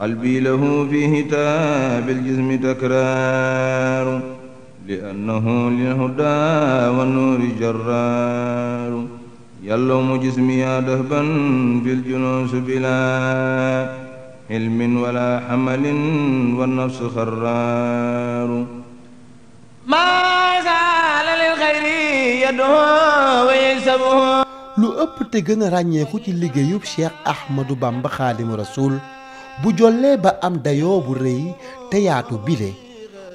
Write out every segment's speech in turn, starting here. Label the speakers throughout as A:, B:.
A: قلبي له في هتاب الجسم تكرار لأنه للهدى والنور جرار يلوم جسمي دهبا في الجنوس بلا علم ولا حمل والنفس خرار
B: ما زال للخير يده ويكسبه
C: لو ëpp te gën a ràññeeku ci liggéeyub Cheikh bu jollee ba am dayoo bu rëy te yaatu bile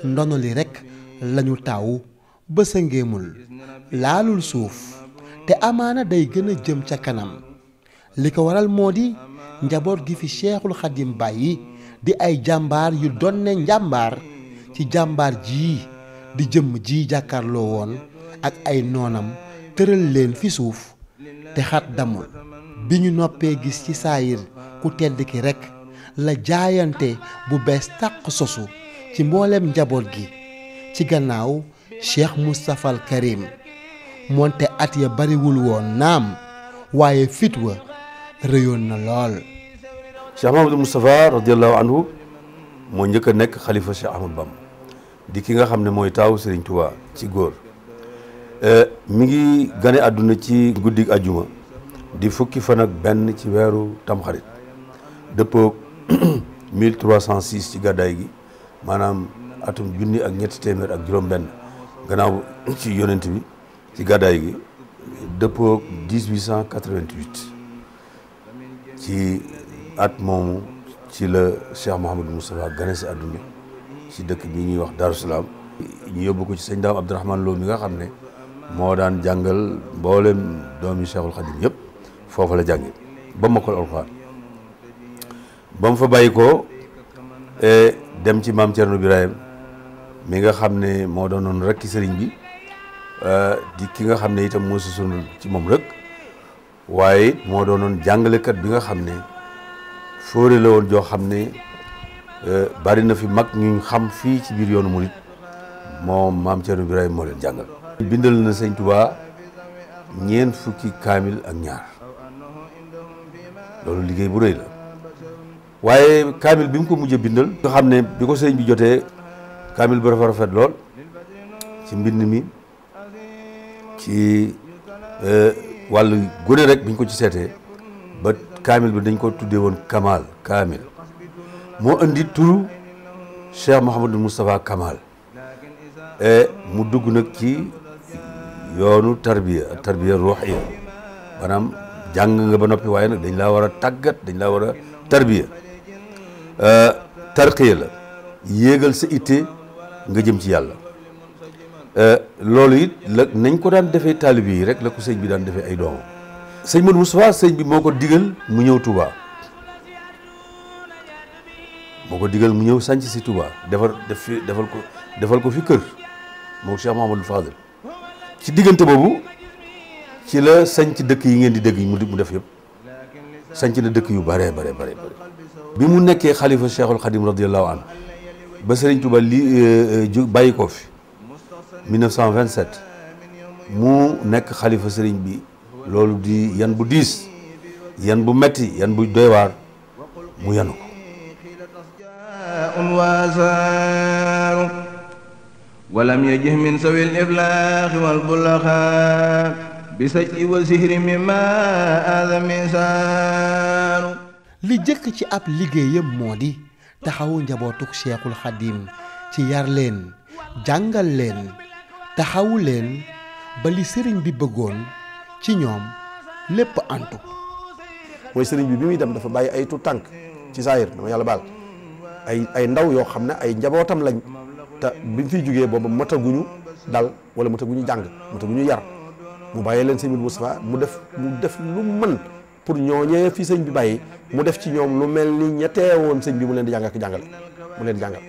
C: ndono li rekk lañu taw ba sëngeemul laalul suuf te amaana day gën a jëm ca kanam li ko waral moo di njaboot gi fi Seexul Xadim bàyyi di ay jàmbaar yu donne njàmbaar ci jàmbaar jii di jëmm ji jàkkaarloo woon ak ay noonam tëral leen fi suuf te xat damul bi ñu noppee gis ci saayir ku tedd ki rekk la jaayante bu bees tàq sosu ci mbooleem njaboot gi ci gannaaw cheikh mustapha al karim monte at ya bariwul woon naam waaye fit wa rëyoon na lool cheikh mahamadou
D: mustapha radiallahu anhu moo njëkk a nekk xalifa cheikh ahmad bam di ki nga xam ne mooy taaw sëriñ tuba ci góor e, mi ngi gane àdduna ci guddig ajuma di fukki fan ak benn ci weeru xarit dëppoog 1306 ci gàddaay gi maanaam atum junni ak ñetti téeméer ak juróom-benn gannaaw ci yonent bi ci gàddaay gi dëppoo 1888 ci at moomu ci la Cheikh Mouhamadou Moustapha gane si àdduna ci dëkk bi ñuy wax Darou Salaam ñu yóbbu ko ci sëñ Daam Abdourahmane Lo mi nga xam ne moo daan jàngal mboolem doomi Cheikhul Khadim yëpp foofu la jànge ba mokkal alxuraan ba mu fa bàyyi ko e dem ci maam Thierno Birahim mi nga xam ne moo doonoon rek ci sëriñ bi e di ki nga xam ne itam moo susunul ci moom rek waaye moo doon doonoon jàngalekat bi nga xam ne fóore woon joo xam ne e bari na fi mag ñu xam fii ci biir yoonu murit moom maam Thierno Birahim moo leen jàngal. bindal na sëñ Touba ñeent fukki kaamil ak ñaar loolu liggéey bu rëy la. waaye kaamil bi mu ko mujj bindal nga xam ne bi ko sëriñ bi jotee kaamil bu rafet rafet lool ci mbind mi ci euh, wàllu gone rek biñ ko ci seetee ba kaamil bi dañ ko tuddee woon Kamal kaamil moo indi turu Cheikh Mouhamadou Moustapha Kamal e mu dugg nag ci yoonu tarbiya tarbiya ruuxiya maanaam jàng nga ba noppi waaye nag dañ laa war a tàggat dañ laa war a tarbiya Euh, tarqiya la yéegal si itte nga jëm ci yàlla euh, loolu it la nañ ko daan defee taalib yi rek la ko sëñ bi daan defee ay doomam sëñ Modou Moustapha sëñ bi moo ko digal mu ñëw Touba moo ko digal mu ñëw sanc si Touba defar def defal ko defal ko fi kër moo Cheikh Mouhamadou Fadel ci diggante boobu ci la sànc dëkk yi ngeen di dëgg yi mu def yëpp sànc na dëkk yu bare bare bare bare bi mu nekkee xalifa cheikhul xadim radiallahu anhu ba Serigne Touba li bàyyi ko fi 1927 mu nekk xalifa Serigne bi loolu di yan bu diis yan bu metti yan bu doy waar mu yanu ko
A: ولم يجه من سوي الإفلاخ والبلخاء بسجء والسهر
C: مما آذى من سار li jëkk ci ab liggéeyam moo di taxawu njabootu Cheikhul Xadim ci yar leen jàngal leen taxawu leen ba li sëriñ bi bëggoon ci ñoom lépp antu
E: mooy sëriñ bi bi muy dem dafa bàyyi ay tu tànk ci saayir dama yàlla baal ay ay ndaw yoo xam ne ay njabootam lañ te bi mu fiy jógee boobu mataguñu dal wala mataguñu jàng mataguñu yar mu bàyyee leen sëñ bi Moustapha mu def mu def lu mën pour ñooñee fi sëñ bi bàyyi mu def ci ñoom lu mel ni ña teewoon sëñ bi mu leen di jàngal ak jàngal mu leen di jàngal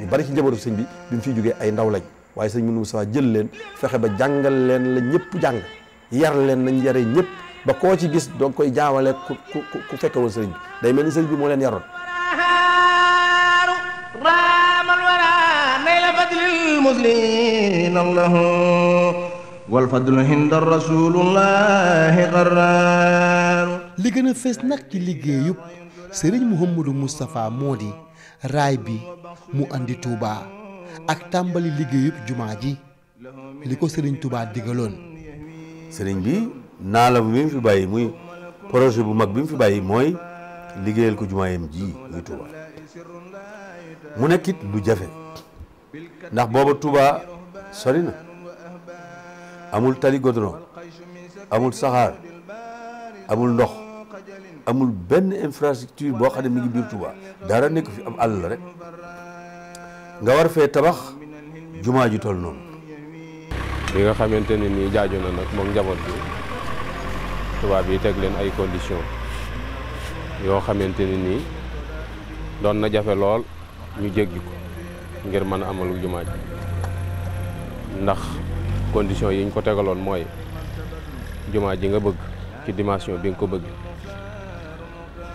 E: ñu bari ci njabootu sëñ bi bi mu fiy jógee ay ndaw lañ waaye sëñ mënu Moussa jël leen fexe ba jàngal leen la ñëpp jàng yar leen nañ yare ñëpp ba koo ci gis doog koy jaawale ku ku ku fekke woon sëriñ bi day mel ni sëriñ bi moo leen yaroon
B: ramal wara muslimin
A: allahu والفضل عند الرسول الله
C: قرار li face fess nak ci liggéeyub serigne mohammedou Moustapha modi ray bi mu andi Touba ak tambali liggéeyub juma ji liko serigne Touba serigne bi
D: nala bi fi baye muy projet bu mag bi fi que moy liggéeyal ko yam Touba mu lu Touba amul tali goudron amul Sahar. amul ndox. amul benn infrastructure boo xam ne mi ngi biir Touba dara nekk fi am àll rek nga war fee tabax jumaa ju toll noonu. bi nga xamante ne nii jaaju na
F: nag moom njaboot bi tubaab yi teg leen ay conditions yoo xamante ne nii doon na jafe lool ñu jéggi ko ngir mën a amalu jumaa ji ndax conditions yi ñu ko tegaloon mooy jumaa ji nga bëgg ci dimension bi nga ko bëgg.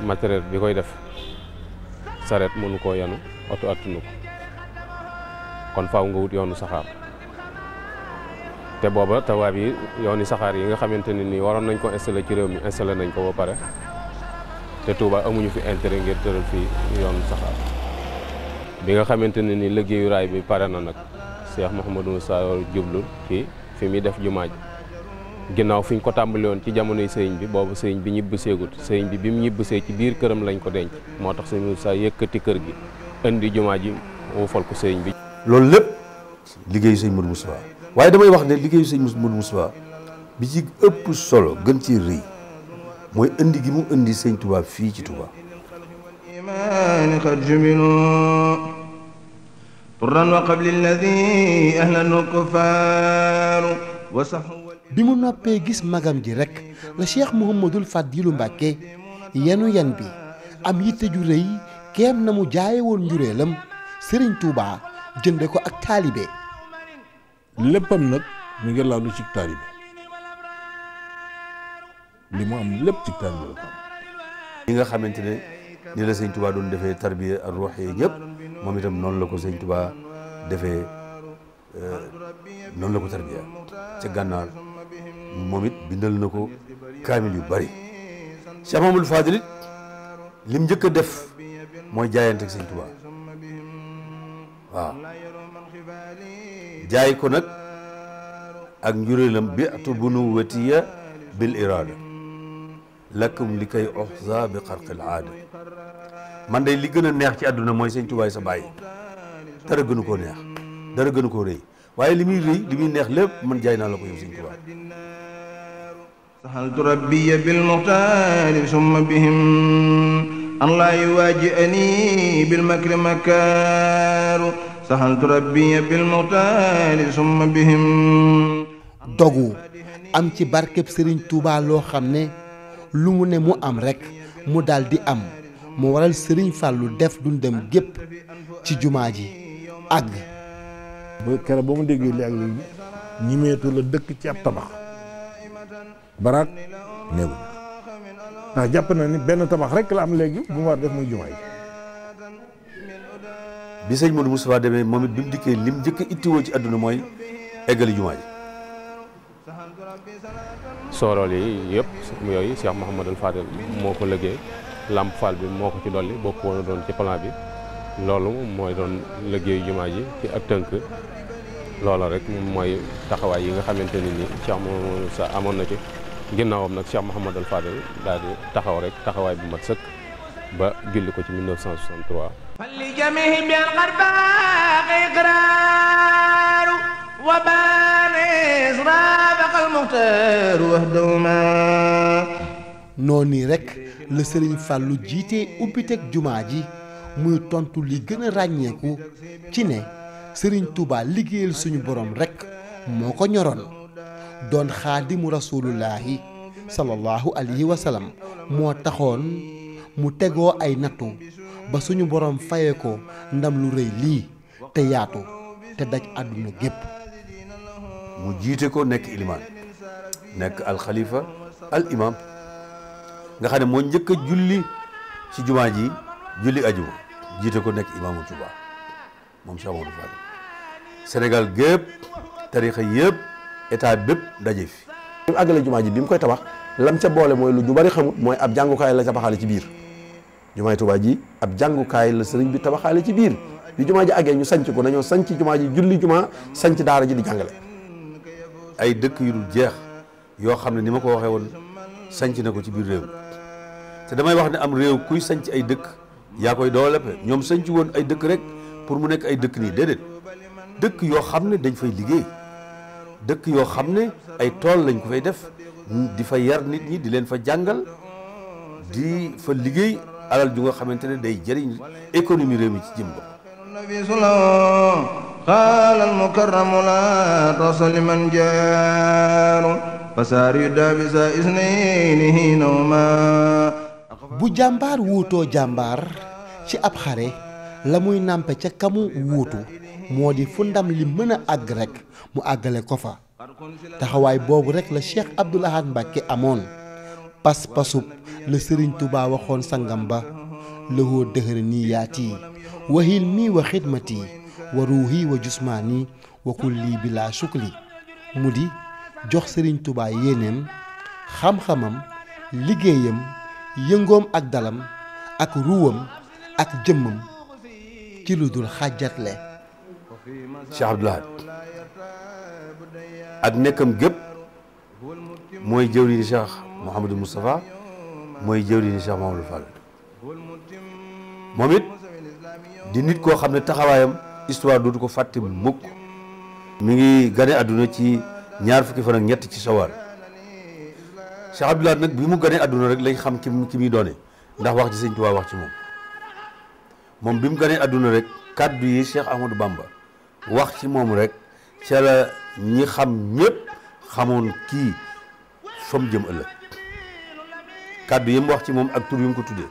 F: matériel bi koy def saret mënu koo yanu oto attunu ko kon faw nga wut yoonu saxaar te booba tawaab yi yooni saxaar yi nga xamante ne nii waroon nañ ko installé ci réew mi installé nañ ko ba pare te Touba amuñu fi intérêt ngir tëral fii yoonu saxaar bi nga xamante ne nii liggéeyu raay bi pare na nag Cheikh Mouhamadou Moussa jublu fii fi muy def jumaa ji ginnaaw fi ñu ko tàmbali woon ci jamonoy sëriñ bi boobu sëriñ bi ñibbi seegut sëriñ bi bi mu ñibbisee ci biir këram lañ ko denc moo tax sëriñ Moussa yëkkati kër gi indi jumaa ji wufal ko sëriñ bi.
D: loolu lépp liggéeyu sëriñ Modou Moussa waaye damay wax ne liggéeyu sëriñ Modou Moussa bi ci ëpp solo gën ci rëy mooy indi gi mu indi sëriñ Touba fii ci Touba.
A: turan wa qabli alladi ahlan
C: al kuffaaru wa bi mu noppee gis magam ji rekk la cheikh Mouhamadul Fadilu Mbàkke yenu yan bi am yitte ju rëy keem na mu jaaye woon njureelam sëriñ Touba jënde ko ak taalibe léppam nag mu ngi laalu ci taalibe
D: li mu am lépp ci taalibe la li nga xamante ne ni la sëñ Touba doon defee tarbiya ak ruux yi ñëpp moom itam noonu la ko sëñ Touba defee euh, noonu la ko tarbiya ca gànnaar موميت بندل نكو كامل يو باري شامام الفاضل لم جك دف موي جاي انتك سنتوا واه جاي كونك اك نيوري لم بيعت بنو وتيا بالاراده لكم لكي احظى بقرق العاده من داي لي گنا نيه سي ادنا موي سنتوا واي سا باي تر گنو كو نيه دار گنو كو
A: ري waye limi reuy limi neex lepp man jayna la ko yow هل تربي بالمختال ثم بهم أن يواجئني بالمكر مكار سهل تربي
C: بالمختال ثم بهم دوغو أمتي باركب سرين توبا لو خمني لومو نمو أم رك مو دال أم مو ورال سرين فالو دف دون دم جيب تي جماجي أغ
G: كربوم ديجي لأغلي نيميتو لدك تي أبتبخ baraat néew ndax jàpp na ni benn tabax rek la am léegi bu mu war def muy jumaay
D: bi sëñ Modou Moustapha demee moom it bi mu dikkee lim njëkk a ittiwoo ci àdduna mooy eggali jumaa ji soorool
F: yi yëpp yooyu Cheikh Mouhamadou Fadel moo ko liggéey Lamp Fall bi moo ko ci dolli bokk woon doon ci plan bi loolu mooy doon liggéeyu jumaa ji ci ak tënk loolu rek mooy taxawaay yi nga xamante ne ni Cheikh Mouhamadou sa amoon na ci ginnaawam nag Cheikh Mouhamadul Fadel daal di taxaw rek taxawaay bu mat sëkk ba julli ko ci 1963.
C: noonu nii rek la Serigne Fallou jiite ubbiteg jumaa ji muy tontu li gën a ràññeeku ci ne Serigne Touba liggéeyal suñu borom rek moo ko ñoroon. doon xaadimu rasulullahi sallallahu alayhi wa moo taxoon mu tegoo ay nattu ba suñu borom fayee ko ndam lu rëy lii te yaatu te daj àdduna gépp
D: mu jiite ko nekk ilimaan nekk alxalifa al nga xam ne moo njëkk a julli ci jumaa ji julli ajuma jiite ko nekk imaamu Tuubaa moom Cheikh Mamadou Fall Sénégal
E: gépp tarixa yëpp état bépp daje fi bi mu àggale jumaa ji bi mu koy tabax lam ca boole mooy lu ñu bari xamut mooy ab jàngukaay la tabaxaale ci biir jumaa ji ji ab jàngukaay la sëriñ bi tabaxaale ci biir bi jumaa ji àggee ñu sanc ko nañoo sanc jumaa ji julli jumaa sanc daara ji di jàngale ay dëkk yu dul jeex yoo xam ne ni ma ko
D: waxee woon sanc ne ko ci biir réew te damay wax ne am réew kuy sanc ay dëkk yaa koy doole pe ñoom sanc woon ay dëkk rek pour mu nekk ay dëkk nii déedéet dëkk yoo xam ne dañ fay liggéey dëkk yo xamne ay tol lañ ko fay def di fa yar nit ñi di leen fa jangal di fa liggey alal ju nga xamantene day jëriñ économie réew mi ci jëm
A: قال المكرم لا تصل من جار فسار يدابس
C: اثنينه نوما bu jàmbaar wuutoo jàmbaar ci ab xare la muy nàmpe ca kamu wuutu moo di fu ndam li mën a àgg mu agalé kofa taxaway bobu rek la Cheikh abdullah Ahad Mbacké amoon pas-pasub la Serigne Touba waxone sangam ba lahoo dëxëra nii yati wahil mii wa khidmati wa ruhi wa jismani wa kulli bila shukli sukli jox Serigne Touba yenem xam xam-xamam ligeyam yengom ak dalam ak ruwam ak jëmmam ci luddul xajjat le Cheikh abdullah
D: ak nekkam gépp mooy jëwriñu Cheikh Mustafa, Moustapha mooy jëwriñu Cheikh mamadou Fall momit di nit ko xamne taxawayam histoire dootu ko fatte mukk mi ngi gane aduna ci ñaar fukki fan ak ñett ci sawar Cheikh Abdoul nak bi mu gane aduna rek lañ xam ki ki mi doone ndax wax ci seigne touba wax ci mom mom bi mu gane aduna rek kaddu yi Cheikh Ahmadou Bamba wax ci mom rek ci la ñi xam ñépp xamoon kii fa mu jëm ëllëg kàddu yi mu wax ci moom ak tur yu mu ko tuddee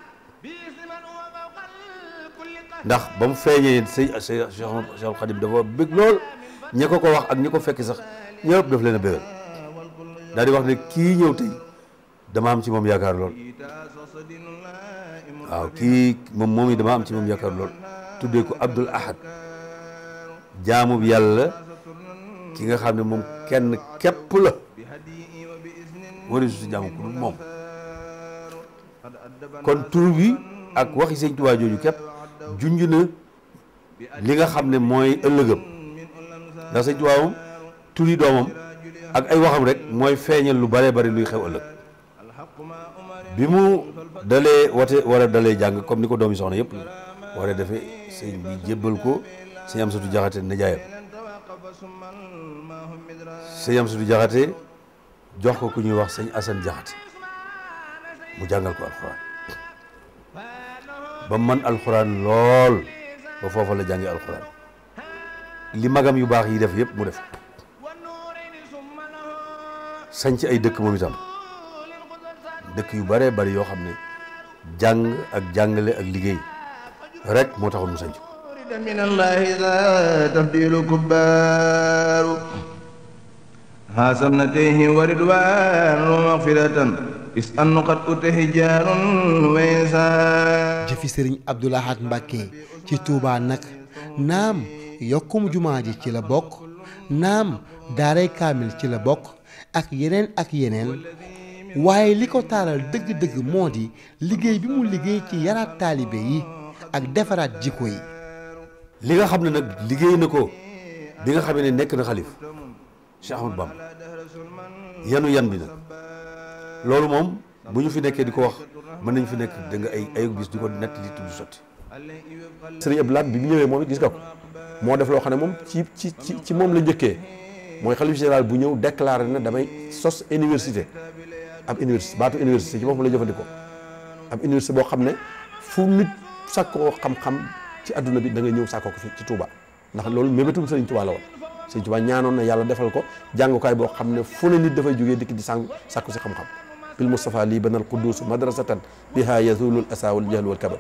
D: ndax ba mu feeñee sëñ Cheikh Khadim dafa bëgg lool ñi ko ko wax ak ñi ko fekk sax ñëpp daf leen a bégal daal di wax ne kii ñëw tey dama am ci moom yaakaar lool waaw kii moom moom yi dama am ci moom yaakaar lool tuddee ko Abdul Ahad jaamu yàlla ki nga xam ne moom kenn képp la wari su si jaamu ku dul moom kon tur bi ak waxi sëñ Tuubaa jooju képp junj na li nga xam ne mooy ëllëgam ndax sëñ Tuubaa moom turi doomam ak ay waxam rek mooy feeñal lu bare bari luy xew ëllëg bi mu dalee wate wala dalee jàng comme ni ko doomi soxna yëpp waree defee sëñ bi jébbal ko sëñ am satu jaxate na jaayam sëñ Amsatu Jaxate jox ko ku ñuy wax sëñ Asan Jaxate mu jàngal ko alxuraan ba man alxuraan lool ba foofa la jàngi alxuraan li magam yu baax yi def yëpp mu def sañc ay dëkk moom itam dëkk yu bare bari yoo xam ne jàng ak jàngale ak liggéey
A: rek moo taxoon mu sañc ها سمنتيه وردوان ومغفرة
C: is annu qad utahi jaarun jëfi sëriñ Abdou Lahad ci Touba nag naam yokkum jumaa ji ci la bokk naam daaray kaamil ci la bokk ak yeneen ak yeneen waaye li ko taaral dëgg-dëgg moo di liggéey bi mu liggéey ci yaraat taalibe yi ak defaraat jikko yi li nga xam ne nag liggéey ne ko bi nga xam
D: ne nekk na xalif Cheikh Ahmadou Bamba yanu yan bi nag loolu moom bu ñu fi nekkee di ko wax mën nañ fi nekk da nga ay ay bis di ko nett li tudd sotti
E: sëriñ Abdou Lahad bi mu ñëwee moom it gis nga ko moo def loo xam ne moom ci ci ci ci moom la njëkkee mooy xalif bu ñëw déclaré na damay sos université ab université baatu université ci boppam la jëfandikoo ab université boo xam ne fu nit sàkkoo xam-xam ci adduna bi da nga ñëw sàkkoo ko ci Touba ndax loolu mébétum sëriñ Touba la woon sëñ Tuubaa ñaanoon na yàlla defal ko jàngukaay boo xam ne fu ne nit dafay jógee dikk di sàng sàkku si xam-xam bil Mustafa lii banal quddus madrasatan biha yazulul asa wal jahl wal kabar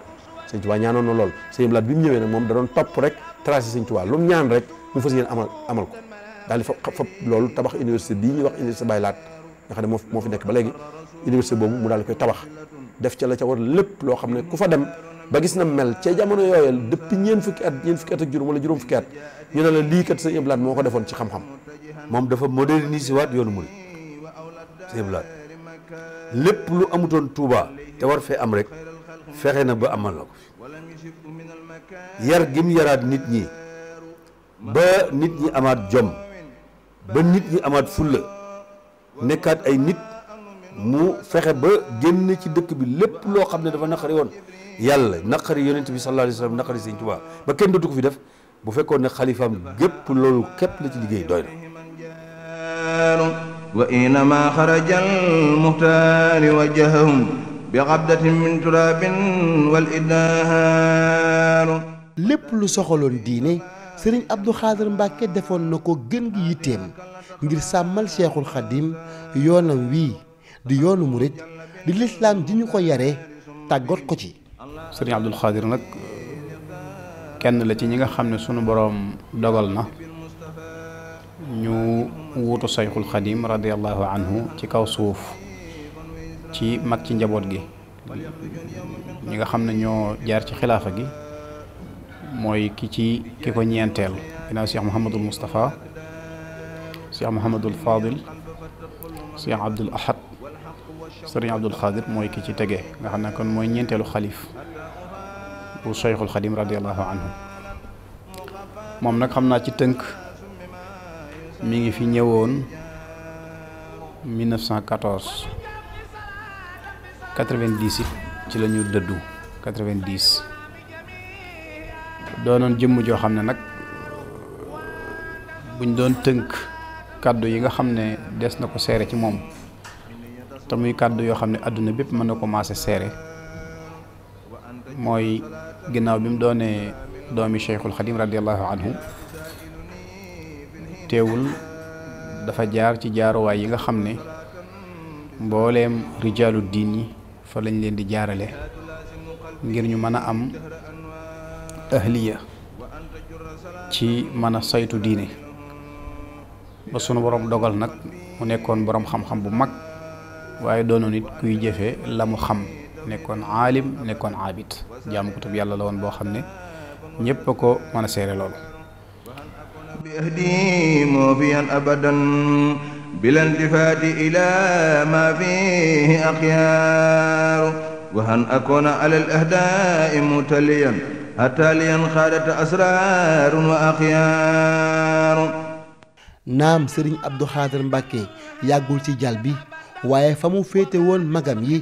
E: sëñ ñaanoon na lool sëñ Blaat bi mu ñëwee nag moom da doon topp rek tracé sëñ Tuubaa lu mu ñaan rek mu fas yéen amal amal ko daal di fa loolu tabax université bii ñuy wax université Baye Laat nga ne moo fi nekk ba léegi université boobu mu daal di koy tabax ba gis na mel ca jamono yooya dëpp ñeen fukki at ñeen fukki at ak juróom wala juróom fukki at ñu ne la lii kat sëñ Abdou Lahad moo ko defoon ci xam-xam moom dafa moderniser waat yoonu murid sëñ Abdou Lahad
D: lépp lu amutoon Touba war fee am rek fexe na ba amal la ko yar gim yaraat nit ñi ba nit ñi amaat jom ba nit ñi amaat fulla nekkaat ay nit mu fexe ba génn ci dëkk bi lépp loo xam ne dafa naqari woon يلا نقر يونت بي صلى الله عليه وسلم نقر سيدي توبا با كين دوتو في ديف بو فيكون خليفه ام گيب لولو كيب لا
A: تي ليغي دوينا وانما خرج المختار
C: وجههم بعبدة من تراب والإدهار لب لسخلون ديني سرين عبد الخادر مباكة دفون نكو جنج يتيم ngir samal cheikhul khadim yonam wi di yonu mourid di l'islam di ñu ko yare tagot ko ci
H: sëriñ Abdul Xaadir nag kenn la ci ñi nga xam ne sunu boroom dogal na ñu wuutu sayxul xadim radiallahu anhu ci kaw suuf ci mag ci njaboot gi ñi nga xam ne ñoo jaar ci xilaafa gi mooy ki ci ki ko ñeenteel ginnaaw Cheikh Mouhamadul Moustapha Cheikh Mouhamadul Fadil Cheikh Abdul Ahad sëriñ Abdul Xaadir mooy ki ci tege nga xam ne kon mooy ñeenteelu xalif bu Cheikhul khadim radiyallahu anhu mom nak xamna ci teunk mi ngi fi ñewoon 1914 90 ci lañu deddu 90 doonoon jëmm joo xam ne nag buñ doon teunk kàddu yi nga xamne ne des na ko seere ci mom tamuy muy yo xamne aduna bëpp àdduna na ko maase séré moy ginnaaw bi mu doonee doomi Cheikhul Xadim radiallahu anhu teewul dafa jaar ci jaaruwaay yi nga xam ne mbooleem rijaalu diin yi fa lañ leen di jaarale ngir ñu mën a am ahliya ci mën a saytu diine ba sunu borom dogal nag mu nekkoon boroom xam-xam bu mag waaye doonoon it kuy jëfe la mu xam nekkoon aalim nekkoon aabid jaamu kutub yàlla la woon boo xam ne ñëpp ko mën a seere loolu
A: bi ahdi mubiyan abadan bila iltifaati ilaa maa fiihi axyaar wa an akoona ala al ahdaai mutaliyan
C: xaadat asraarun wa axyaar naam sëriñ Abdou Khadre Mbacke yàggul ci jal bi waaye fa mu féete woon magam yi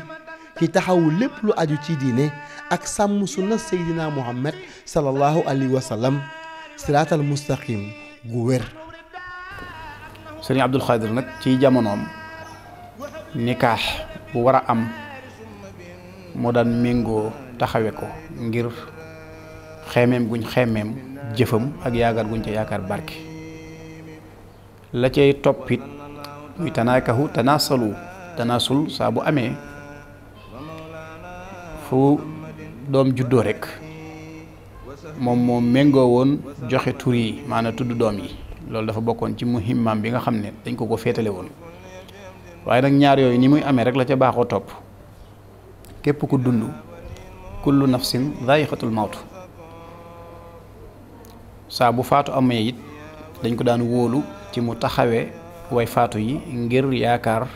C: ci taxaw lépp lu aju ci diine ak sàmm sunna seydina muhammad sallallahu alayhi wa sallam siraatal mustaqim gu wér
H: sëriñ abdul xaadir nag ci jamonoom nikaax bu war a am moo daan méngoo taxawe ko ngir xeemeem guñ xeemeem jëfam ak yaakaar guñ ca yaakaar barke la cay toppit muy tanaakahu tanaasalu tanaasul saa bu amee fu doom juddoo rek moom moo méngoo woon joxe tur yi maanaam tudd doom yi loolu dafa bokkoon ci muhimmam bi nga xam ne dañ ko ko féetale woon waaye nag ñaar yooyu ni muy amee rek la ca baaxoo topp képp ku dund kullu nafsin dha'iqatul mawt saa bu faatu amee it dañ ko daan wóolu ci mu taxawee way faatu yi ngir yaakaar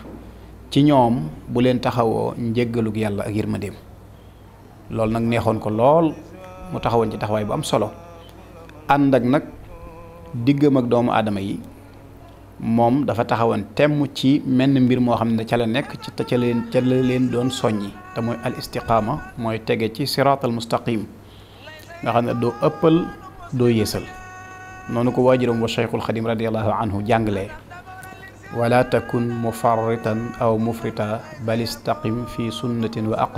H: ci ñoom bu leen taxawoo njéggalug yàlla ak yërmandeem loolu nak neexon ko lool mu taxawon ci taxawaay bu am solo ànd ak nak diggam ak doomu adama yi mom dafa taxawon temm ci men mbir mo xamne ne ca la nek ci ta ca leen ca la leen doon soññi te mooy al istiqama moy tege ci siraatal mustaqim nga xamne do ëppal do yéesal nonu ko wajirum wa cheikhul khadim radiyallahu anhu jangale ولا تكن مفرطا او مفرطا بل استقم في سنه wa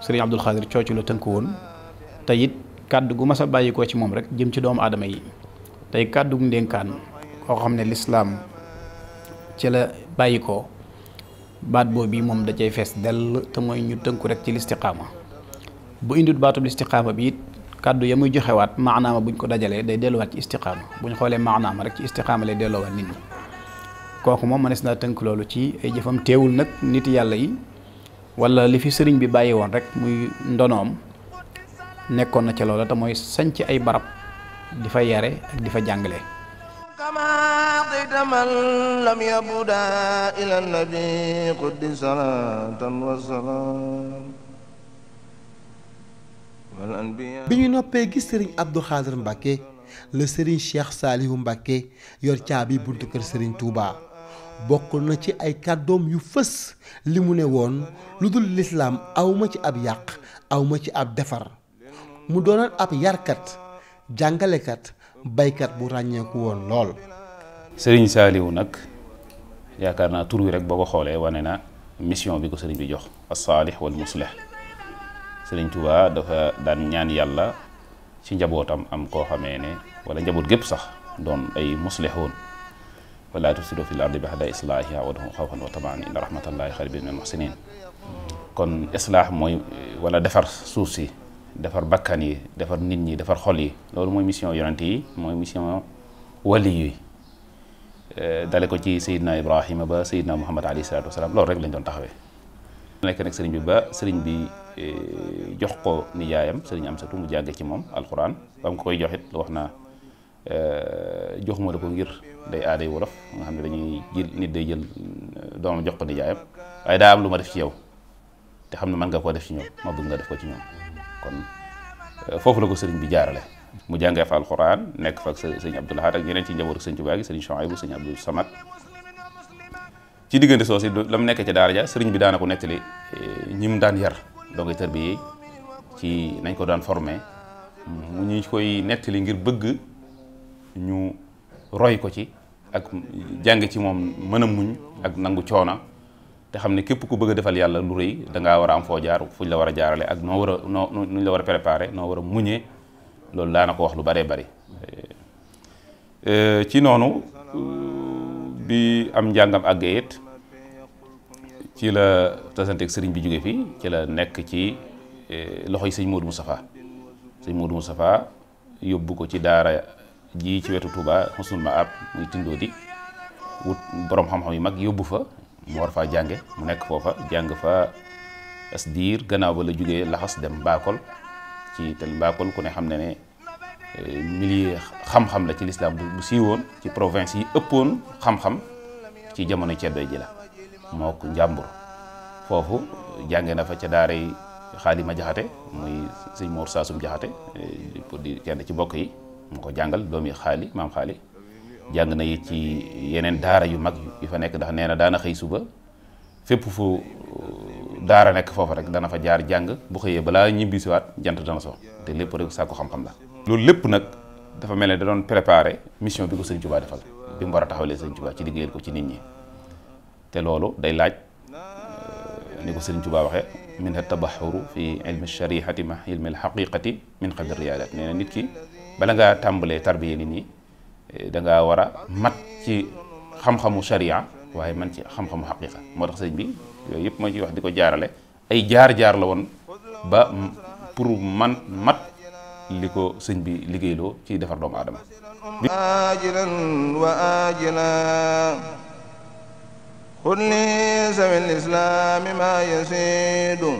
H: sëriñ Abdul Xaadir cooci la tënk woon te it kàddu gu mas a bàyyikoo ci moom rek jëm ci doomu aadama yi tey kàddu gu ndénkaan koo xam ne lislaam ci la bàyyikoo baat boobu bi moom dajay cay fees dell te mooy ñu tënku rek ci listiqaama bu indut baatub listiqaama bi it kàddu ya muy joxewaat maanaama buñ ko dajalee day delluwaat ci istiqaama buñ xoolee maanaama rek ci istiqaama lay delloowaat nit ñi kooku moom mënees naa tënk loolu ci ay jëfam teewul nag nit yàlla yi wala li fi sëriñ bi bàyyi woon rek muy ndonoom nekkoon na ca lool te mooy sañc ay barab di fa yare ak di fa jàngale
A: bi ñu
C: noppee gis sëriñ Abdou Khadre Mbacke la sëriñ Cheikh Salihu Mbacke yor caabi buntu kër sëriñ Touba. bokk na ci ay kàddoom yu fës li mu ne woon lu dul lislaam awma ci ab yàq awma ci ab defar mu doonoon ab yarkat jàngalekat baykat bu ràññeeku woon lool
I: sëriñ saaliwu nag yaakaar naa tur wi rek boo ko xoolee wane na mission bi ko sëriñ bi jox as-saalih wal muslih sëriñ Tuubaa dafa daan ñaan yàlla ci njabootam am koo xamee ne wala njaboot gépp sax doon ay muslihoon ولا تفسدوا في الارض بعد اصلاحها ودهم خوفا وطمعا ان رحمه الله خير من المحسنين كون اصلاح موي ولا دفر سوسي دفر بكاني دفر نيت ني دفر خولي لول موي ميسيون يونتي موي ميسيون ولي داليكو تي سيدنا ابراهيم با سيدنا محمد عليه الصلاه والسلام لول ريك لا نون تاخوي نيك نك سيرن بي با سيرن بي جوخكو نيجايام سيرن امساتو مو جاغي سي موم القران بام كوي جوخيت لوخنا joxuma la ko ngir day aaday wolof nga xam ne dañuy jël nit day jël euh, doomam jox ko nijaayam waaye daa am lu ma def ci yow te xam ne man nga koo def ci ñoom ma bëgg def ko ci ñoom kon euh, foofu la ko sëriñ bi jaarale mu jàngee fa alxuraan nekk fa ak sëñ Abdou ak yeneen ci njabootu sëñ Tuubaa gi sëriñ Chouaïbou sëñ Abdou Samad ci diggante soosi la mu nekk ci daara ja sëriñ bi daana ko nettali euh, ñi mu daan yar doo tër bi ci nañ ko daan formé mu ñu koy nettali ngir bëgg ñu roy ko ci ak jàng ci moom mën a muñ ak nangu coona te xam ne képp ku bëgg a defal yàlla lu rëy da war a am foo jaar fuñ la war a jaarale ak noo war a la war a préparé noo war a muñee loolu daana ko wax lu bëree bëri eh, eh, ci noonu bi am njàngam àggee it ci la tasanteeg sëriñ bi jóge fii ci la nekk ci eh, loxoy sëñ Modou Moustapha sëñ Modou Moustapha yóbbu ko ci daara ji ci wetu Touba xusnul ab muy tindoo di wut boroom xam-xam yu mag yóbbu fa mu war faa jànge mu nekk foofa jàng fa as diir gannaaw ba la jógee laxas dem Mbakol ci te Mbakol ku ne xam ne ne eh, milieu xam-xam la ci lislaam bu siiwoon ci province yi ëppoon xam-xam ci jamono ceddo ji la moo ko njàmbur foofu jànge na fa ca daara yi xaalima jaxate muy sëñ Mor Saasum jaxate eh, di kenn ci mbokk yi moko jàngal domi xaali mam xaali jàng na ci yenen daara yu mag yu fa nekk ndax nee na daana xëy suba fépp fu daara nek fofu rek dana fa jaar jàng bu xeye bala ñibbi wat jant dana so te lépp rek sa ko xam xam-xam la lool lépp nak dafa mel da doon préparer mission bi ko serigne touba defal bi mu wara a serigne touba ci liggéeyal ko ci nit ñi te loolu day laaj ni ko serigne touba waxe min a tabaxuru fi ilmi sharihati ma ilmi alxaqiqati min xadri riyaadat nee nit ki bala tambale tàmbalee tarbiye nit ñi eh, da nga wara mat ci xam-xamu sharia waye man ci xam-xamu haqiqa moo tax bi yooyu ma ci wax di ko jaarale ay jaar-jaar la won ba pour man mat liko ko bi liggéeyloo ci defar doom adam
A: ajilan wa ajila khulni zamil islam ma yasidu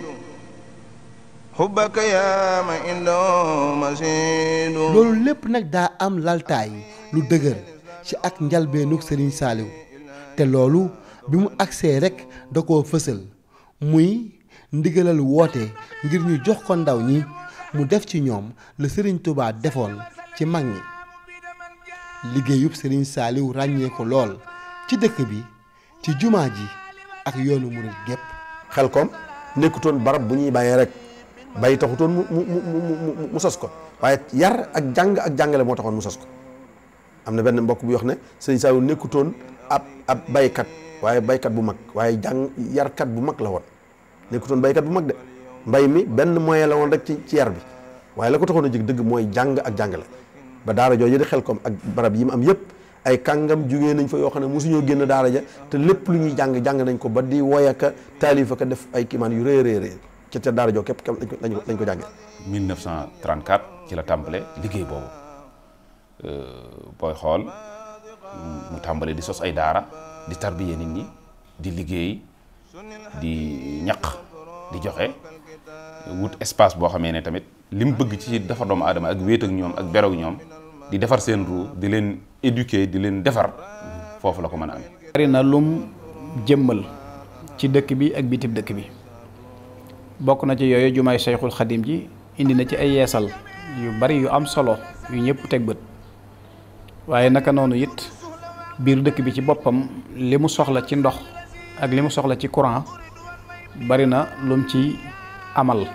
A: xubbaka yaa ma
C: indoo loolu lépp nag daa am laltaay lu dëgër ci ak njalbeenug Serigne Saliou te loolu bi mu agsee rekk da koo fësal muy ndigalal woote ngir ñu jox ko ndaw ñi mu def ci ñoom la sëriñ tubaab defoon ci mag ñi liggéeyub Serigne Saliou ràññee lool ci dëkk bi ci jumaa ji ak yoonu murit gépp Xelkom nekkutoon barab bu ñuy bàyyee rekk bay taxutoon mu mu mu
E: mu sos ko waaye yar ak jàng ak jàngale moo taxoon mu sos ko am na benn mbokk bu wax ne sëñ Saliou nekkutoon ab ab baykat waaye baykat bu mag waaye jàng yarkat bu mag la woon nekkutoon baykat bu mag de mbay mi benn moyen la woon rek ci ci yar bi waaye la ko taxoon a jig dëgg mooy jàng ak jàngale ba daara jooju di xel kom ak barab yi mu am yëpp ay kàngam jugee nañ fa yoo xam ne mosuñoo génn daara ja te lépp lu ñuy jàng jàng nañ ko ba di woy aka taalif aka def ay kiimaan yu rëy ca daara joo képp képp lañ ko lañ ko jàngee.
I: 1934 ci la tàmpale liggéey boobu euh, booy xool mu tàmbale di sos ay daara di tarbiye nit ñi di liggéey di ñaq di joxe wut espace boo xamee ne tamit lim bëgg ci defar doomu aadama ak wéet ak ñoom ak beroog ñoom di defar seen ru di leen éduquer di leen
H: defar foofu la ko mën a amee. bari na lum jëmmal ci dëkk bi ak bitim dëkk bi. bokk na ci yooyu jumaay Cheikhul Xadim ji indi na ci ay yeesal yu bari yu am solo yu ñëpp teg bët waaye naka noonu it biir dëkk bi ci boppam li mu soxla ci ndox ak li mu soxla ci courant bari na lum ci amal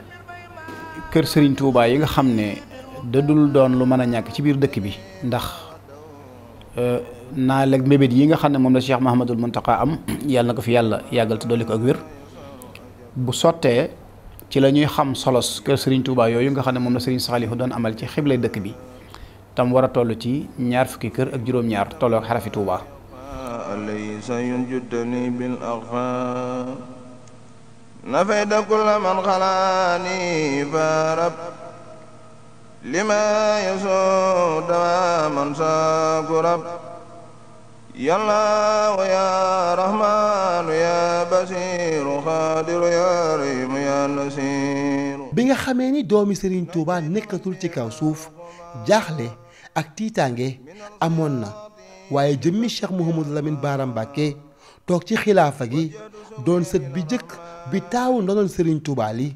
H: kër sëriñ Touba yi nga xam ne dadul doon lu mën a ñàkk ci biir dëkk bi ndax euh, naa lekk mébét yi nga xam ne moom la Cheikh Mahamadul Muntaqa am yàlla na ko fi yàlla yàggal te dolli ko ak wér bu sottee ci la ñuy xam solos kër Serigne Touba yooyu nga xam ne moom la Serigne Saalihu doon amal ci xiblay dëkk bi tam war a toll ci ñaar fukki kër ak juróom-ñaar tolloo ak
A: xarafi Touba. alaysa yunjuddani bil axfa nafayda kulla man xalaani farab lima yasoo dawa man sakurab yàlla wa ya rahmaanu ya basiru xaadiru ya
C: bi nga xamee ni doomi Serigne Touba nekkatul ci kaw suuf jaaxle ak tiitaange amoon na waaye jëmmi Cheikh Mouhamadou Lamine Bara Mbacké toog ci xilaafa gi doon sët bi jëkk bi taawu ndonoon sëriñ Touba li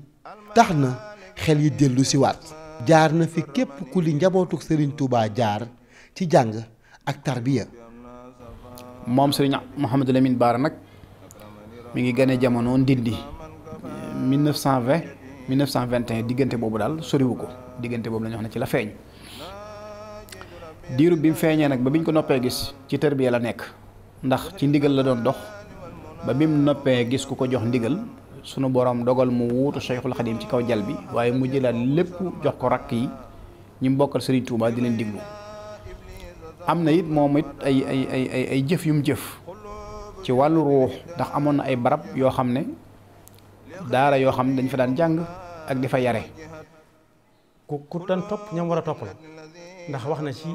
C: tax na xel yi dellu siwaat jaar na fi képp ku li njabootuk sëriñ Touba jaar ci jàng ak tarbiya moom Serigne Mouhamadou Lamine Bara nag mu ngi gane jamono
H: Ndindi 1921 diggante boobu daal soriwu ko diggante boobu la ñu wax ne ci la feeñ diiru bi mu feeñee nag ba bi ñu ko noppee gis ci tarbiya la nekk ndax ci ndigal la doon dox ba bi mu noppee gis ku ko jox ndigal sunu borom dogal mu wuutu Cheikhul Khadim ci kaw jal bi waaye mu jëlaat lépp jox ko rakk yi ñu mbokkal bokkal Serigne di leen diglu am na it moom it ay ay ay ay jëf yu mu jëf ci wàllu ruux ndax amoon na ay barab yoo xam ne. daara yoo xam ne dañ fa daan jàng ak di fa yare
J: ku ku daan topp ñam war a topp la ndax wax na ci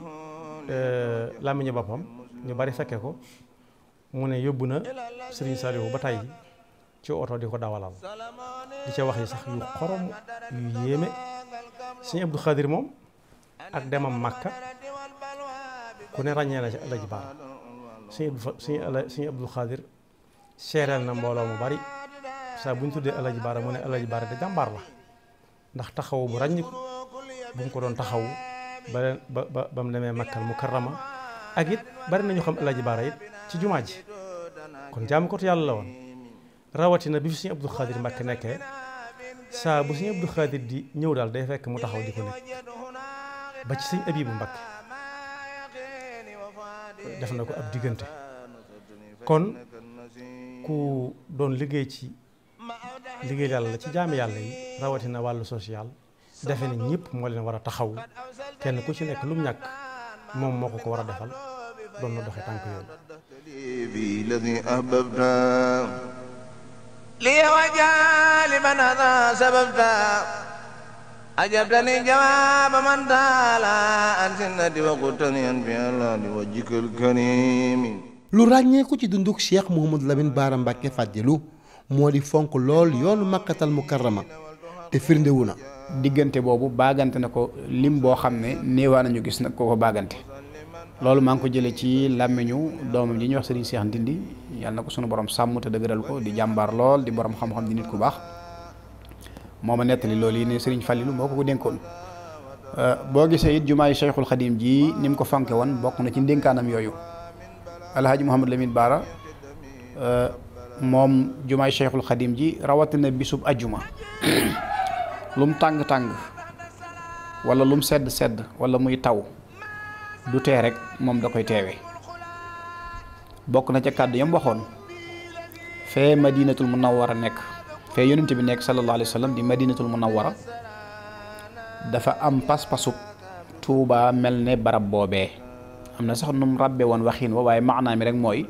J: euh, làmmiñu boppam ñu bari fekke ko mu ne yóbbu na Serigne Saliou ba tey ci oto di ko dawalal di ca wax yi sax yu xorom yu yéeme Serigne Abdou Khadir moom ak demam Makka ku ne ràññee la ci Alaaji Baara Serigne Abdou Serigne seereel na mbooloo mu bari saa bu ñu tuddee El Hadj Baara mu ne El Hadj Baara de taxaw bu ko doon taxaw ba leen ba mu demee it bari nañu xam El Hadj ci jumaa ji kon jaamu yàlla la woon rawatina bi fi suñu Abdou Khadir bu suñu di ñëw daal day fekk mu taxaw di ko
B: nekk
J: ba ci suñu Abibu Mbacké def na ko ab diggante kon ku doon liggéey ci. ligéy yalla la ci jaami yalla yi rawati na walu social defe ni ñepp mo leen wara taxaw kenn ku ci nek lu ñak mu ñàkk moom moo ko ko war a defal doon na doxe tànk
A: yooyu
B: لي وجال من هذا
A: jawab man dala an sinna
C: di waqtani an
A: bi allah di wajikal
C: الكريم lu ragne ràññeeku ci dunduk Cheikh mohammed Lamine Bara Mbacké fadilu moo di fonk lool yoonu makkatal mukarrama te firndewu na. diggante boobu baagante na
H: ko lim boo xam ne néewaa nañu gis nag koo ko baagante loolu maa ngi ko jëlee ci làmmiñu doomam ji ñuy wax sëriñ Cheikh Ndindi yàlla na ko sunu borom sàmm te dëgëral ko di jàmbaar lool di borom xam-xam di nit ku baax moo ma nettali lool yi ne sëriñ Fallilou moo ko ko dénkoon. Euh, boo gisee it jumaa yi Cheikhul Khadim ji ni ko fanke woon bokk na ci ndénkaanam yooyu El Hadj moom jumaay cheikhul xadim ji rawatina bisub ajjuma lum tàng-tàng wala lum sedd-sedd wala muy taw du tee rek moom da koy teewe bokk na ca kàddu yam waxoon fee madinatul a nekk fee yonent bi nekk sallallahu alayhi wa sallam di madinatul munawwara dafa am pas-pasub tuubaa mel ne barab boobee am na sax num ràbbe woon waxiin wa waaye maanaam mi rek mooy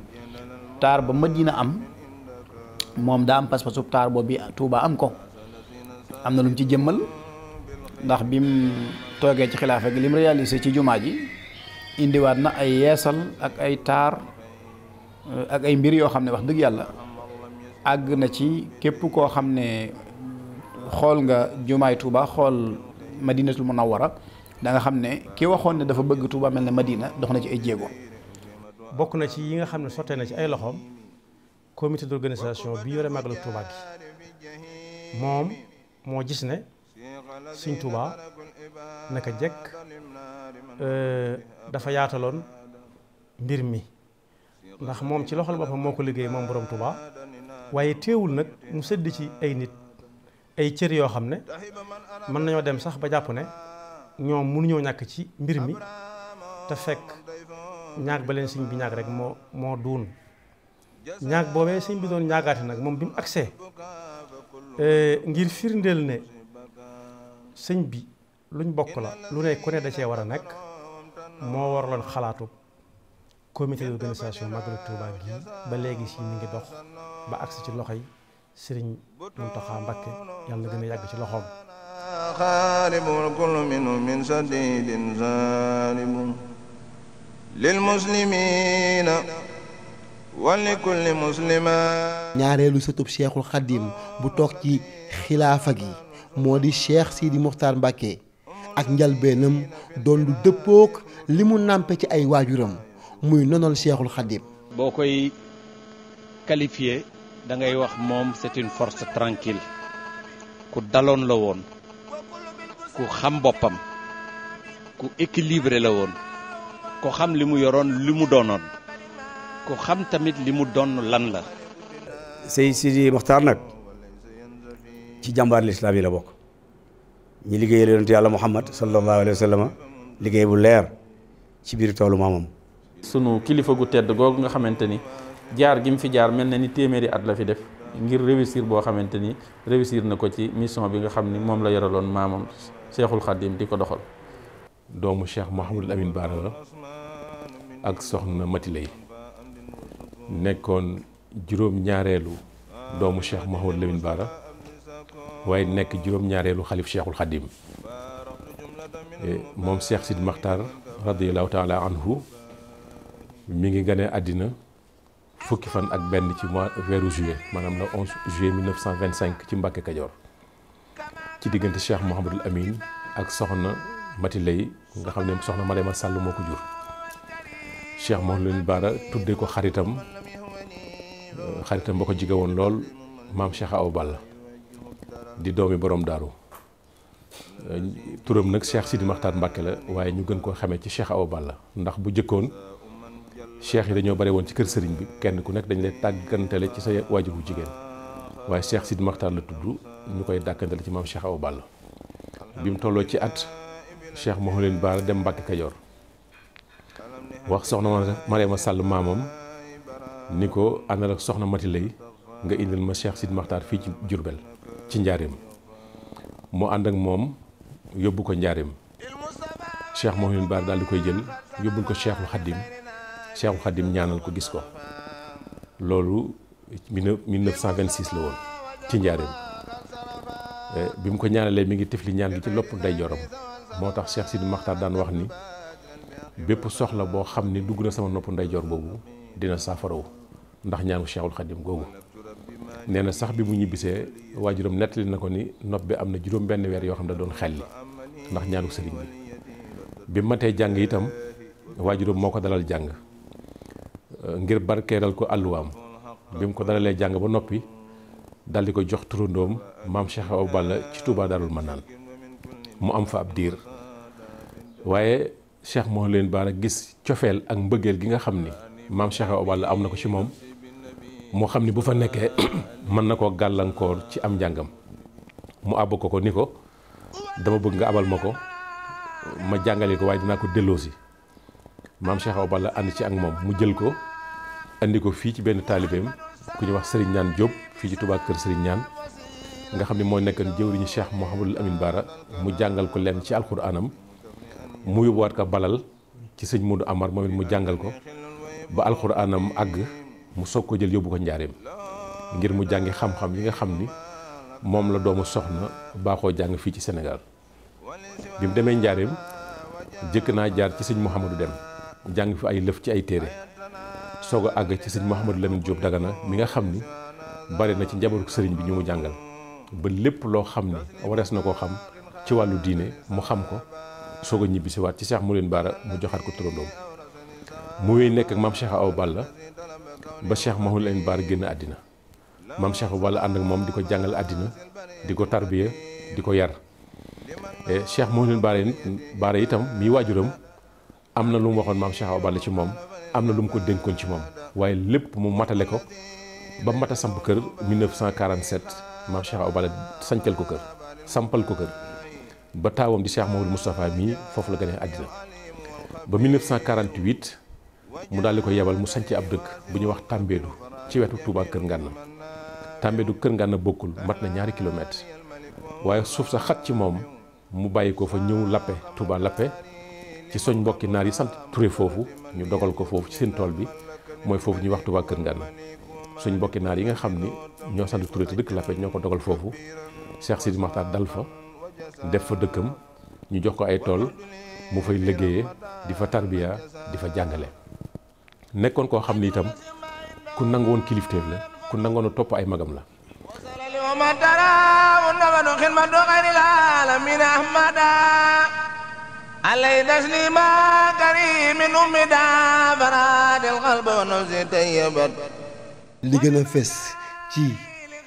H: taar ba madina am moom daa am pas-pasu taar boobu Touba am ko am na lu mu ci jëmmal ndax bim toogee ci xilaafa gi lim réalisé ci jumaa ji indiwaat na ay yeesal ak ay taar ak ay mbir yoo xam ne wax dëgg yàlla àgg na ci képp koo xam ne xool nga jumaay Touba xool madinatul munawwara da danga xam ne ki waxoon ne dafa bëgg Touba mel ne Madina dox na ci ay jéego.
J: bokk na ci yi nga xam ne sottee na ci ay loxoom. comité d'organisation bi yore màggalu Touba gi moom moo gis ne Sëñ Touba naka jekk euh, dafa yaataloon mbir mi ndax moom ci loxol boppam moo ko liggéey moom borom Touba waaye téewul nag mu sëdd ci ay nit ay cër yoo xam ne mën nañoo dem sax ba jàpp ne ñoom mënuñoo ñàkk ci mbir mi te fekk ñaag ba leen bi ñaag rek moo moo duun ñaag boobee sëñ bi doon ñaagaate nag moom bi mu agsee e, ngir firndeel ne sëñ bi luñ bokk la lu ne ku da cee war a nekk moo waraloon xalaatu comité d'organisation Magalu Touba gi ba léegi si mi ngi dox ba agsi ci loxoy sëriñ Muntaxa Mbakke yàlla na gën a yàgg ci loxoom
A: xaalibul kullu minhu min sadidin zaalimun lil muslimina wali kulli
C: ñaareelu sëtub cheikhul xadim bu toog ci xilaafa gi moo di cheikh Sidi Mokhtar Mbacke ak njalbeenam doon lu dëppook li mu nàmpe ci ay waajuram muy nonal cheikhul xadim
K: boo koy qualifié dangay wax moom c'est une force tranquille ku daloon la woon ku xam boppam ku équilibré la woon ku xam li mu yoroon li mu doonoon ko xam tamit li mu donn lan la
D: sëñ Sidi Moxtaar nag ci jàmbaar lislaam yi la bokk ñi liggéeyal yonent yàlla Muhammad sallallahu alayhi wa sallam liggéey bu leer ci biir toolu maamam
L: sunu kilifa gu tedd googu nga xamante ni jaar gi mu fi jaar mel na ni téeméeri at la fi def ngir réussir boo xamante ni réussir na ko ci mission bi nga xam ni moom la yoraloon maamam Cheikhul Khadim di ko doxal doomu Cheikh Mouhamadul Amin Baara la ak soxna Mati Lay nekkoon juróom-ñaareelu doomu cheikh Mouhamadou Lamine Bara waaye nekk juróom-ñaareelu xalif cheikhul xadim e, moom cheikh Sidi Makhtar radiallahu taala anhu mi ngi gane àddina fukki fan ak benn ci mois weeru juillet maanaam la 11 vingt 1925 ci Mbàkke Kajoor ci diggante cheikh Mouhamadul Amin ak soxna Mati Lay nga xam ne soxna ma Sàll moo ko jur Cheikh Mawlid Lamine Bara tuddee ko xaritam euh, xaritam ba ko jige woon lool maam Cheikh Awa Balla di doomi borom daaru euh, turam nag Cheikh Sidi Maxtaar Mbàkke la waaye ñu gën koo xamee ci Cheikh Awa Balla ndax bu jëkkoon cheikh yi dañoo bare woon ci kër sëriñ bi kenn ku nekk dañ lay tàggantale ci sa waajur jigéen waaye Cheikh Sidi Maxtaar la tudd ñu koy dàkkantale ci maam Cheikh Awa Balla bi mu tolloo ci at Cheikh Mawlid Lamine Bara dem Mbàkke Kajoor wax soxna Mariama Sàll maamam ni ko àndal ak soxna Mati Lay nga indil ma Cheikh Sidi maxtar fii ci Jurbel ci njaareem mu ànd ak moom yóbbu ko njaareem Cheikh Mouhamed Baar daal di koy jël yóbbul ko Cheikhul Xaddim Cheikhul Xaddim ñaanal ko gis ko loolu mi 1926 la woon ci njaareem eh, bi mu ko ñaanalee mi ngi tifli ñaan gi ci lopp ndeyjooram moo tax Cheikh Sidi Maxtaar daan wax ni bépp soxla boo xam ni dugg na sama nopp ndeyjoor boobu dina saafarawu ndax ñaanu Cheikhul Khadim googu nee na sax bi mu ñibbisee waajuram nettali na ko ni nopp bi am na juróom benn weer yoo xam ne doon xelli ndax ñaanu sëriñ bi bi matee jàng itam waajuram moo ko dalal jàng euh, ngir barkeeral ko àlluwaam bi mu ko dalalee jàng ba noppi dal di ko jox turandoom maam Cheikh Awa Balla ci Touba Darul Manaan mu am fa ab diir waaye Cheikh moo leen baara gis cofeel ak mbëggeel gi nga xam ni maam Cheikh Awa Balla am na ko ci moom moo xam ni bu fa nekkee mën na koo gàllankoor ci am njàngam mu àbb ko ko ni ko dama bëgg nga abal ma ko ma jàngale ko waaye dinaa ko delloosi maam Cheikh Awa Balla ànd ci ak moom mu jël ko andi ko fii ci benn taalibeem ku ñuy wax Serigne Ñaan Diop fii ci Touba Kër Serigne Ñaan nga xam ne moo jëw nekkoon jëwriñu Cheikh Mouhamadul Amin Baara mu jàngal ko leen ci alxuraanam mu yóbbuwaat ko balal ci sëñ Modou Amar moom it mu jàngal ko ba alxuraanam àgg mu soog ko jël yóbbu ko njaareem ngir mu jàngi xam-xam yi nga xam ni moom la doomu soxna baaxoo jàng fii ci senegal bi mu demee njaareem jëkk naa jaar ci sëñ Mouhamadou Dem jàng fi ay lëf ci ay téere soog a àgg ci sëñ Mouhamadou Lamine Diop Dagana mi nga xam ni bari na ci njabootu sëriñ bi ñu mu jàngal ba lépp loo xam ni warees na koo xam ci wàllu diine mu xam ko soog a ñibbisiwaat ci Cheikh leen Bara mu joxaat ko turandoom mu wéy nekk ak maam Cheikh Awa Balla ba Cheikh Mouline Bara génn àddina maam Cheikh Awa Balla ànd ak moom di ko jàngal àddina di ko tarbiya di ko yar e Cheikh Mouline Bara Bara itam mii waajuram am na lu mu waxoon maam Cheikh Awa Balla ci moom am na lu mu ko dénkoon ci moom waaye lépp mu matale ko ba mata samp kër 1947 maam Cheikh Awa Balla sancal ko kër sampal ko kër ba taawam di Cheikh Mamadou Moustapha mii foofu la gane àddina ba 1948 mu daal di ko yebal mu sanc ab dëkk bu ñuy wax Tambédou ci wetu Touba Kër Ngànna Tambédou Kër Ngànna bokkul mat na ñaari kilomètre waaye suuf sa xat ci moom mu bàyyi ko fa ñëw lappe Touba lappe ci soñ mbokki naar yi sant Touré foofu ñu dogal ko foofu ci seen tool bi mooy foofu ñuy wax Touba Kër Ngànna suñ mbokki naar yi nga xam ni ñoo sant Touré te dëkk lappe ñoo ko dogal foofu Cheikh Sidi dal fa def fa dëkkam ñu jox ko ay tool mu fay liggéeyee di fa tarbiya di fa jàngale nekkoon koo xam ni itam ku nangu woon kilifteef la ku nangoon topp ay magam la
B: علي دسني ما كريم أم دابرات القلب
A: ونفسي تيبت
C: لغنا فس تي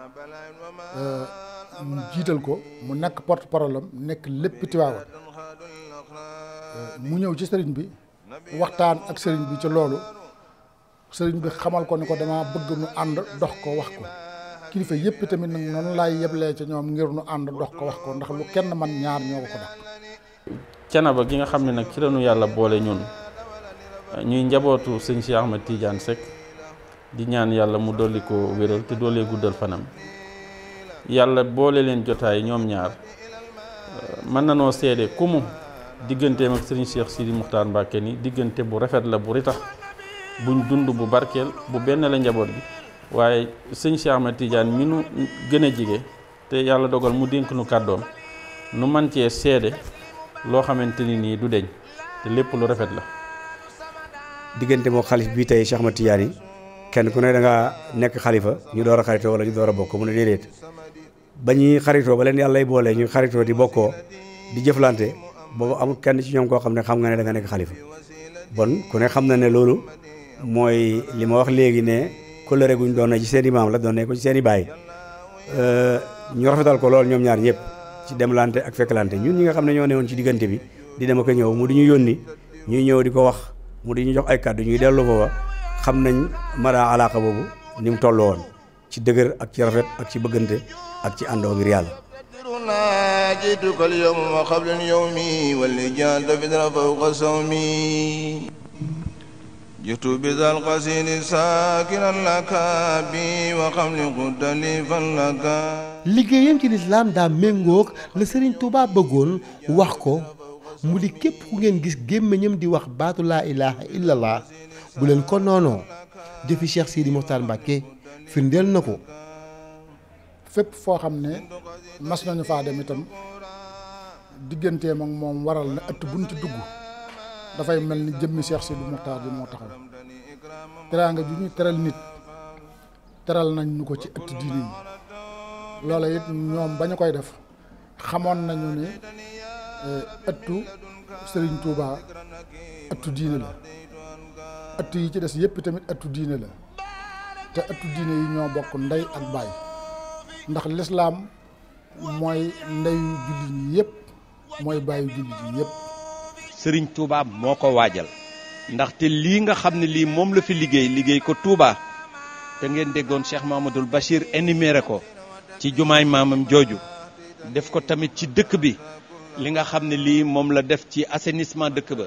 G: Eh, jiital ko mu nek porte parole nek lepp lépp Tiwaawan eh, mu ñew ci serigne bi waxtaan ak serigne bi ci lolu serigne bi xamal ko niko ko dama bëgg nu and dox ko wax ko kilifa yépp tamit nak non lay yeblé ci ñom ngir nu and dox ko wax ko ndax lu kenn man ñaar ñoko ko ko
L: dàq ba gi nga xamni nak ci lañu yalla boole ñun eh, ñuy njabootu serigne Cheikh Ahmed Tidiane sek di ñaan yàlla mu dolli ko wéral te doolee guddal fanam yàlla boole leen jotaay ñoom ñaar man na seede ku mu digganteem ak sëriñ Cheikh Sidi Muxtaar Mbàkke ni diggante bu rafet la bu ritax buñ dund bu barkeel bu benn la njaboot bi waaye sëñ Cheikh Ahmed Tidiane mi nu gën a jige te yàlla dogal mu dénk nu kàddoom nu man cee seede loo xamante ni nii du deñ te lépp lu rafet la
D: diggante moo xalif bi tey Cheikh Ahmed Tidiane kenn ku ne da ngaa nekk xalifa ñu door a xaritoo wala ñu door a bokkoo mu ne déedéet ba ñuy xaritoo ba leen yàllay boolee ñu xaritoo di bokkoo di jëflante boobu amul kenn ci ñoom koo xam ne xam nga ne da nekk xalifa bon ku ne xam na ne loolu mooy li ma wax léegi ne kóllëre guñ doon ci seen i maam la doon ne ko ci seen i baay euh, ñu rafetal ko lool ñoom ñaar ñëpp ci demlante ak fekklante ñun ñi nga xam ne ñoo newoon ci diggante bi di dem ak a mu di ñu yónni ñuy ñëw di ko wax mu di ñu jox ay kàddu ñuy dellu foofa xam nañ mara dan bobu nim mu won ci dëgër ak ci rafet ak ci beugante ak ci ando ngir yalla
A: ci
C: Touba wax ko di ku ngeen gis di wax illallah bu leen ko noonoo jëfi Cheikh
G: Sidi Mokhtar Mbacke firndeel na ko. fépp foo xam ne mas nañu faa dem itam digganteem ak moom waral na ëtt buñ ci dugg dafay mel ni jëmmi Cheikh Sidi Mokhtar bi moo taxaw teraanga ju ñuy teral nit teral nañ ñu ko ci ëtt diini yi loola it ñoom ba ñu koy def xamoon nañu ne eh, ëttu Serigne Touba ëttu diini la. ëtt yi ci des yëpp tamit ëttu diine la te ëttu diine yi ñoo bokk ndey ak baay ndax lislaam mooy ndeyu jullit ñi yëpp mooy baayu jullit ñi yëpp
K: sëriñ Touba moo ko waajal ndaxte lii nga xam ne lii moom la fi liggéey liggéey ko Touba te ngeen déggoon Cheikh Mamadou Bachir énuméré ko ci jumaay maamam jooju def ko tamit ci dëkk bi li nga xam ne lii moom la def ci assainissement dëkk ba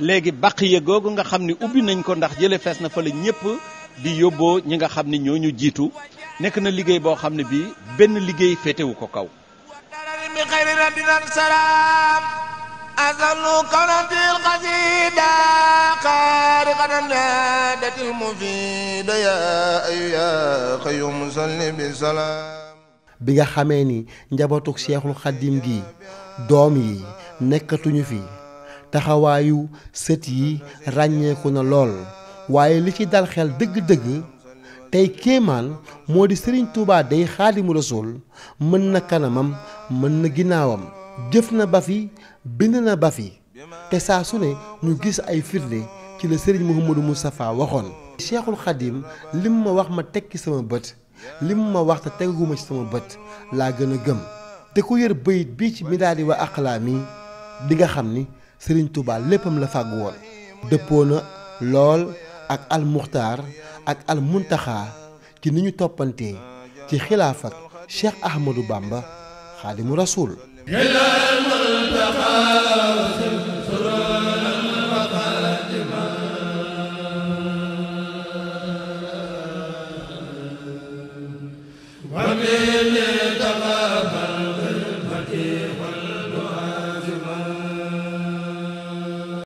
K: léegi baqiya googu nga xam ni ubbi nañ ko ndax jële fees na fa la ñëpp di yóbboo ñi nga xam ni ñoo ñu jiitu nekk na liggéey boo xam ne bii benn liggéey féetewu ko kaw
C: bi nga xamee ni njabootuk Seexul Xaddim gi doom yi nekkatuñu fi taxawaayu sët yi ràññeeku na lool waaye li ci dal xel dëgg-dëgg tey kéemaan moo di sëriñ Touba day xaadimu rasul mën na kanamam mën na ginnaawam jëf na ba fi bind na ba fi te saa su ne ñu gis ay firnde ci la sëriñ Mouhamadou Moustapha waxoon Cheikhul Khadim lim ma wax ma tekki sama bët lim ma wax te teguma ci sama bët laa gën a gëm te ku yër bayit bii ci midaadi wa aqlaa mi di nga xam ni sëriñ Touba léppam la fàgg woon dëppoo na lool ak al muxtaar ak al muntaxaa ci ni ñu toppantee ci xilaaf ak Cheikh Ahmadou Bamba xaadimu rasuul